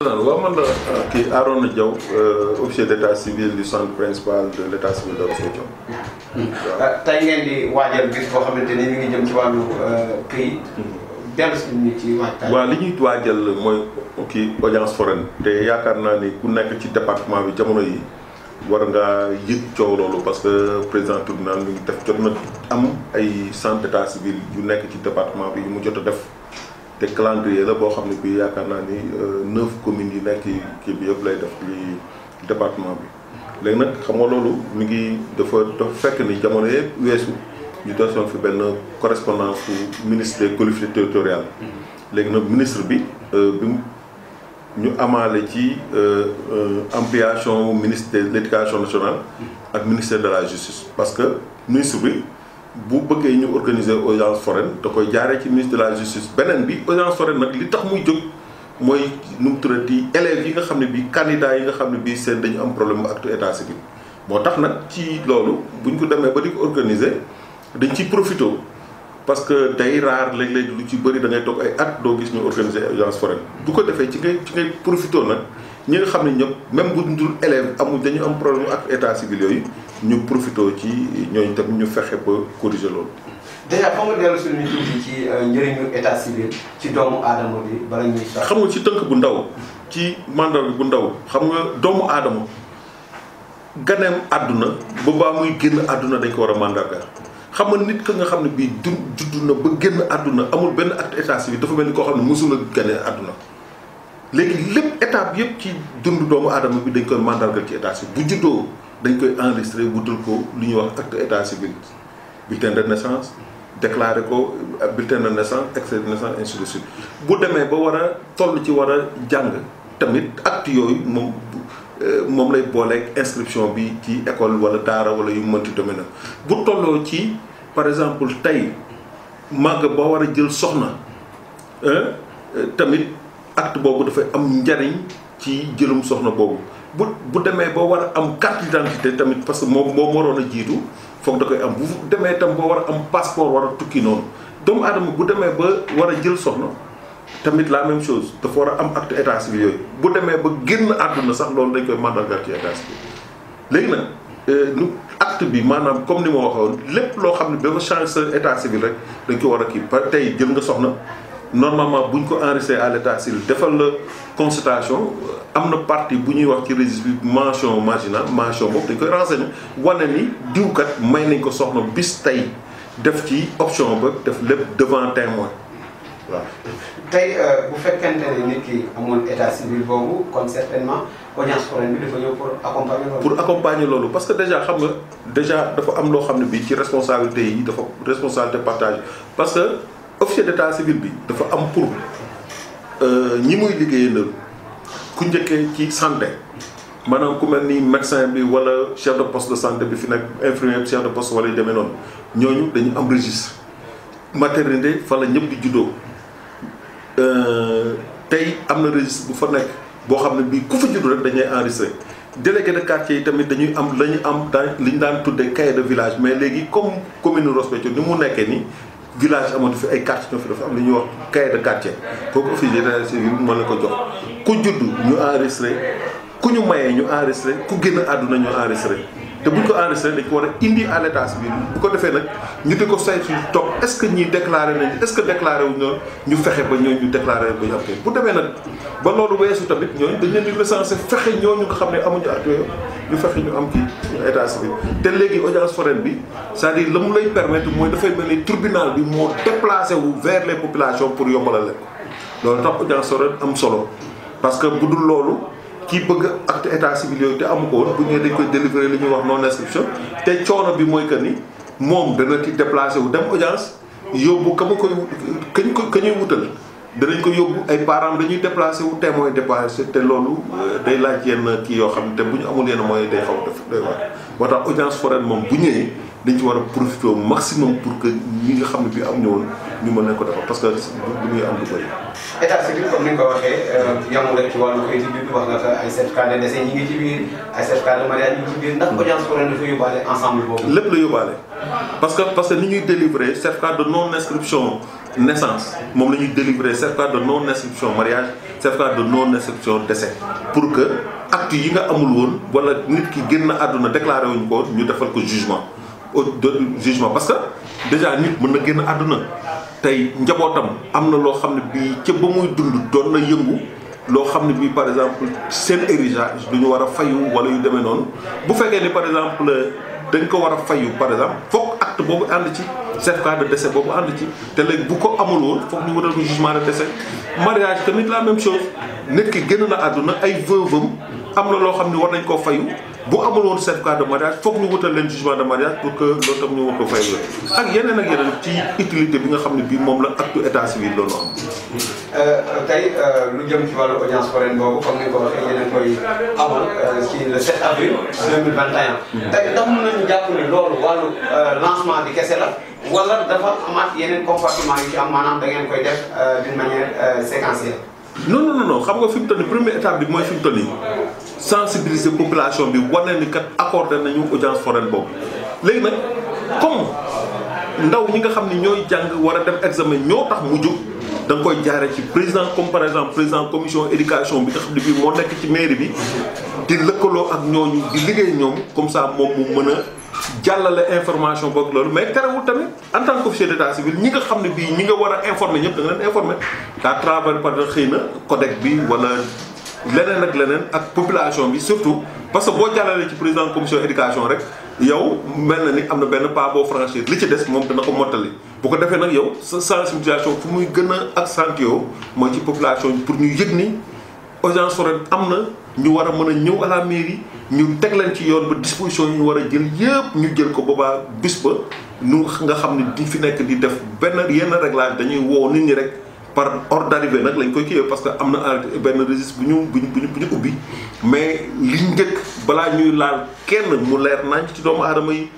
waaw man la ah, kii Arona Diaw euh, officier d' état civil du centre principal de l' état civil de hmm. euh, tey ngeen di xamante ni mi ngi jëm ci euh, hmm. li ñuy waajal mooy kii audience foraine. te yaakaar naa ni ku nekk ci département bi jamono yi war ngaa yëg coow loolu parce que président tribunal mi ngi def jot na am ay centre d' civil yu nekk ci département bi yu mu jot a def. te calendrier la boo xam ne bii yaakaar naa ni euh, neuf communes yi nekk kii bi yëpp lay def li département bi léegi nag xam nga loolu mi ngi dafa dafa fekk ni jamono yëpp weesu ñu doon fi benn correspondance su ministre des collectivités territoriales mm-hmm. léegi nag ministre bi euh, bi ñu amaale ci euh, ampliation ministre de l' éducation nationale ak ministère de la justice parce que ministre bi bu bëggee ñu organiser audience foraine da koy jaaree ci ministre de la justice beneen bi audience foraine nag li tax muy jóg mooy nu mu élèves yi nga xam ne bii candidats yi nga xam ne bii seen dañu am problème ak état civil moo tax nag ci loolu bu ñu ko demee ba di ko organiser dañ ciy profité parce que day raar léeg-léeg lu ci bëri da ngay ay at doo gis ñu organiser audience foraine bu ko defee ci ngay ci ngay profité nag ñi nga xam ne ñëpp même bu ñu dul amul dañu am problème ak état civil yooyu ñu profité ci ñooñu tam ñu fexe ba corriger loolu. déjà foo nga dellu suñu tuuti ci euh, njëriñu état civil ci doomu aadama bi bala ñuy. xam nga ci tënk bu ndaw ci mandat bi bu ndaw xam nga doomu aadama ganeem àdduna ba baa muy génn àdduna dañ ko war a mandargaal xam nga nit ka nga xam ne bii du judd na ba génn àdduna amul benn at état civil dafa mel ni koo xam ne mosul a àdduna. léegi lépp étape yëpp ci dund doomu aadama bi dañ koy mandargal ci état civil bu juddoo. dañ koy enregistré wutal ko lu ñuy wax acte état civil bulletin de naissance déclaré ko bulletin de naissance extrait de naissance ainsi de suite bu demee ba war a toll ci war a jàng tamit acte euh, moom lay booleeg inscription bi ci école wala daara wala yu mënti domaine bu tolloo ci par exemple tey màgg ba war a jël soxna euh, tamit acte boobu dafay am njariñ ci jëlum soxna boobu bu bu demee ba war a am carte dentité tamit parce que moom moom waroon a jiitu foog da koy am bu demee tam ba war a am passeport war a tukki noonu doomu aadama bu demee ba war a jël soxna tamit la même chose dafa war a am acte état civil yooyu bu demee ba génn àdduna sax lool dañ koy mandargaal ci état civil léegi nag euh, nu acte bi maanaam comme ni ma waxoon lépp loo xam ne ba nga change sa état civil rek dañ ko war a kii ba tey jël nga soxna normalement buñ ko enregistré à l'état civil defal la constatation amna partie bu wax ci registre mention marginale mention boobu dañ koy renseigner wane ni kat may nañ ko soxna bis tay def ci option ba def lépp devant témoin waaw. tey euh, bu fekkente ne nit ki amul état civil boobu kon certainement audience foraine bi dafa ñëw pour accompagner loolu. pour accompagner loolu parce que déjà xam nga déjà dafa am loo xam ne bii ci responsabilité yi dafa responsabilité partagée parce que. officier d'état civil bi dafa am pour euh, ñi muy liggéeyandal ku njëkkee ci santé maanaam ku mel ni médecin bi wala chef de poste de santé bi fi nekk infirmier chef de poste wala yu demee noonu ñooñu dañu am registre maternité fa la ñëpp di juddoo euh, tey am na registre bu fa nekk boo xam ne bii ku fa juddu rek dañuy enregistré délégué de quartier yi tamit dañuy am la ñu am daan li ñu daan tuddee cahier de village mais léegi comme commune Ross Béthio ni mu nekkee nii village amatu fi ay quartier ñoo fi dafa am lu ñuy wax cahier de quartier kooku office d'état civil moo la ko jox ku judd ñu enregistré ku ñu mayee ñu enregistré ku génn àdduna ñu enregistré te buñ ko enregistré dañ ko war a indi à l'état civil bu ko defee nag ñu di ko saytu topp est-ce que ñii déclaré nañ est-ce que déclaré wu ñoo ñu fexe ba ñooñu déclaré ba ñu am bu demee nag ba loolu weesu tamit ñooñu dañ leen di recensé fexe ñooñu nga xam ne amuñu at ñu fexe ñu am kii état civil te léegi audience foraine bi c'est-à-dire la mu lay permettre mooy dafay mel ni tribunal bi moo déplacé wu vers les populations pour yombalal leen loolu tax audience foraine am solo parce que bu dul loolu ki bëgg acte état civil yooyu te amu ko woon bu ñëwee dañ koy délivré li ñuy wax non inscription te coono bi mooy que ni moom dana ci déplacé wu dem audience yóbbu kama koy kañ ko kañ ñuy wutal danañ ko yóbbu ay parents dañuy déplacé wu témoin déplacé te loolu euh, day laaj yenn kii yoo xam ne te bu ñu amul yenn moyen day xaw def day wax moo tax audience foraine moom bu ñëwee dañ ci war a profité au maximum pour que ñi nga xam ne bii am ñëwoon ñu mën leen ko defar parce que du ñuy am lu bëri. état civil comme ni nga ko waxee euh, yamul rek ci wàllu crédit bi wax nga ko ay certificat de décès ñi ngi ci biir ay certificat de mariage ñi ngi ci biir ndax audience foraine dafa yóbbaale ensemble boobu. lépp la yóbbaale parce que parce que ni ñuy délivrer certificat de non inscription naissance moom la ñuy délivrer certificat de non inscription mariage certificat de non inscription décès pour que acte yi nga amul woon wala nit ki génn àdduna déclaré wuñ ko ñu defal ko jugement. d'autres jugements parce que déjà nit mën na génn àdduna tey njabootam am na loo xam ne bi ca ba muy dund doon na yëngu loo xam ne bii par exemple seen héritage du ñu war a fayu wala yu demee noonu bu fekkee ni par exemple dañ ko war a fayu par exemple foog acte boobu ànd ci certificat de décès boobu ànd ci te léegi bu ko amul woon ñu war a jugement de dese mariage tamit la même chose nit ki génn na àdduna ay veuve am am na loo xam ne war nañ koo fayu bu amul woon certificat de mariage foog ñu wutal leen jugement de mariage pour que loolu tam ñu war ko fay ak yeneen ak yeneen bi nga xam ne bii moom la acte état civil loolu am. Euh, tey euh, lu jëm ci wàllu audience foraine boobu comme ni ko waxee yeneen koy amal euh, ci le 7 avril 2021. tey ndax mën nañu jàpp ne loolu wàllu lancement bi kese la. wala dafa amaat yeneen comportement yu ci am maanaam da ngeen koy def d'une manière séquentielle. non xam nga fi mu toll nii première étape bi mooy fi mu toll nii sensibiliser population bi wane ni kat accordé nañu audience foraine boobu léegi nag comme ndaw ñi nga xam ni ñooy jàng war a dem examen ñoo tax mu jóg da koy jaare ci président comme par président commission éducation bi nga xam ne bii moo nekk ci mairie bi di lëkkaloo ak ñooñu di liggéey ñoom comme ça moom mu mën a jàllale information boog loolu mais terewul tamit en tant qu'officier d'état civil ñi nga xam ne bii ñi nga war a informer ñëpp da nga leen par xëy na codec bi wala leneen ak leneen ak population bi surtout parce que boo jàllalee ci président commission éducation rek yow mel na ni am na benn pas boo li ci des moom dana ko mottali bu ko defee nag yow sa sensibilisation fu muy gën a accentué mooy ci population bi pour ñu yëg ni urgence foraine am na ñu war a mën a ñëw à la ñu teg leen ci yoon ba disposition yi war a jël yëpp ñu jël ko boobaa bis ba nu nga xam ne di fi nekk di def benn yenn réglage dañuy woo nit ñi rek. par ordre d'arrivée nag lañ koy kiiwee parce que am na benn registre bu ñu bu ñu bu ñu ubbi mais li njëkk balaa ñuy laal kenn mu leer nañ ci doomu aadama yi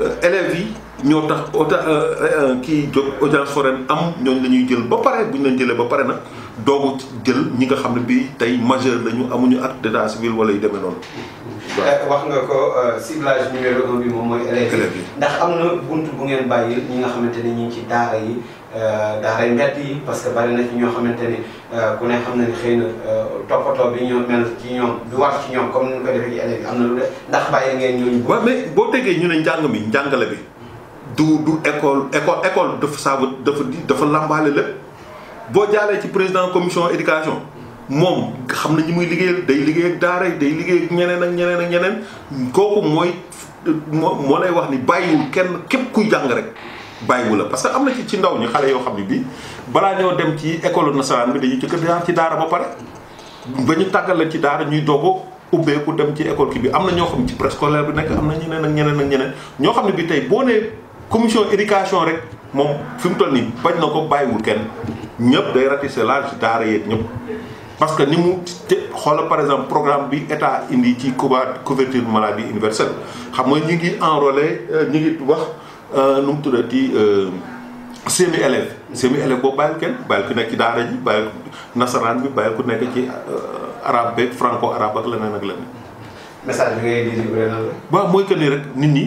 euh, yi ñoo tax ota euh, euh, kii jóg audience foraine am ñooñ la ñuy jël ba pare bu ñu leen jëlee ba pare nag. doogu jël ñi nga xam ne bii tey majeur la ñu amuñu at d'état civil wala yu demee noonu. Eh, wax nga ko euh, ciblage numéro un bi moom mooy élèves yi ndax am na bunt bu ngeen bàyyi ñi nga xamante ne ñu ngi ci daara yi euh, daara mbett yi parce que bari na xamante ne euh, ku ne xëy na toppatoo bi ñoo mel ci ñoom du war ci ñoom comme ni ko ndax bàyyi ngeen ñooñu. waaw mais boo tegee ñu ne njàng mi njàngale bi du du école école école dafa saabu dafa di dafa làmbaale lépp. boo jaalee ci président commission éducation moom xam na ñi muy liggéeyal day liggéey ak daara yi day liggéey ak ñeneen ak ñeneen ak ñeneen kooku mooy moo lay wax ni bàyyiwul kenn képp kuy jàng rek bàyyiwu la parce que am na ci ci ndaw ñi xale yoo xam ne bii balaa ñoo dem ci école nasaraan bi dañuy jëkk jaar ci daara ba ba ñu tàggal leen ci ñuy doogo ubbeeku dem ci école bi am na ñoo xam ne ci préscolaire bi nekk am na ñeneen ak ñeneen ak ñeneen ñoo xam ne bi tey boo nee commission éducation rek moom fi mu toll nii bañ na ko bàyyiwul kenn ñëpp day ratisser large daara yeeg ñëpp parce que ni mu te xoola par exemple programme bi état indi ci couva couverture maladie universelle xam nga ñu ngi enrôlé euh, ñu ngi wax euh, nu mu tuddati euh, semi élève semi élève boobu bàyyiwul kenn bàyyil ku nekk ci daara ji bàyyil nasaraan bi bàyyil ku nekk ci arabe beeg franco arabe ak leneen ak leneen. message bi ngay déglu waaw mooy que ni rek nit ñi.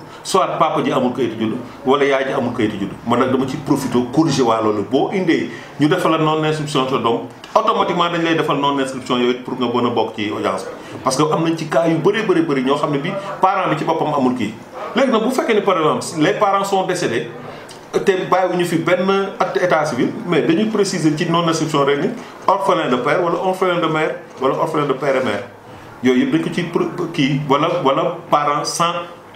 soit papa ji amul kayitu juddu wala yaay ji amul kayitu juddu man nag dama ci profité corrigé waa loolu boo indee ñu defal la non inscription sa doom automatiquement dañ lay defal non inscription yooyu pour nga mën a bokk ci audience bi. parce que am nañ ci cas yu bëree bëri bëri ñoo xam ne bi parent bi ci boppam amul kii léegi nag bu fekkee ni par les parents sont décédés te bàyyiwuñu fi benn acte état civil mais dañuy préciser ci non inscription r de père wala orphelin de mère wala orphelin de père et mère yooyu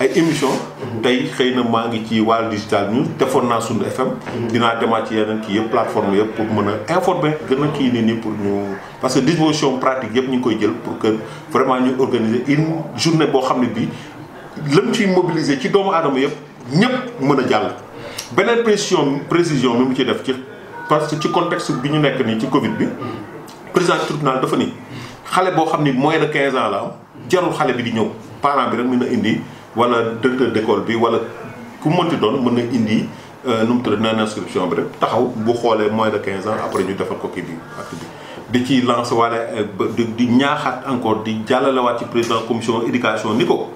ay émission tey xëy na maa ngi ci Waal Digital News defoon naa sunu FM. dinaa demaat ci yeneen kii yëpp plateforme yëpp pour mën a informer gën a kii nii nii pour ñu. parce que disposition pratique yëpp ñu koy jël pour que vraiment ñu organiser une journée boo xam ne bii lam ciy mobiliser ci doomu aadama yëpp ñëpp mën a jàll. beneen précision présision bi mu ci def ci parce que ci contexte bi ñu nekk nii ci Covid bi président tribunal dafa ni xale boo xam ni moins de 15 ans la am xale bi di ñëw parent bi rek a indi. wala directeur d'école bi wala ku mënti doon mën na indi euh, nu mu tudd naan inscription bi rek taxaw bu xoolee moins de 15 ans après ñu defal ko kii bi acte bi. di ci lancé waale euh, di ñaaxaat encore di jàllalewaat ci président commission éducation ni ko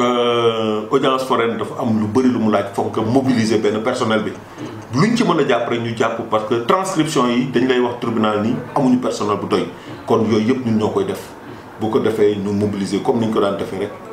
euh, audience foraine dafa am lu bëri lu mu laaj foog nga mobiliser benn personnel bi. luñ ci mën a jàpp rek ñu jàpp parce que transcription yi dañ lay wax tribunal ni amuñu personnel bu doy kon yooyu yëpp ñun ñoo koy def bu ko defee ñu mobiliser comme niñ ko daan defee rek.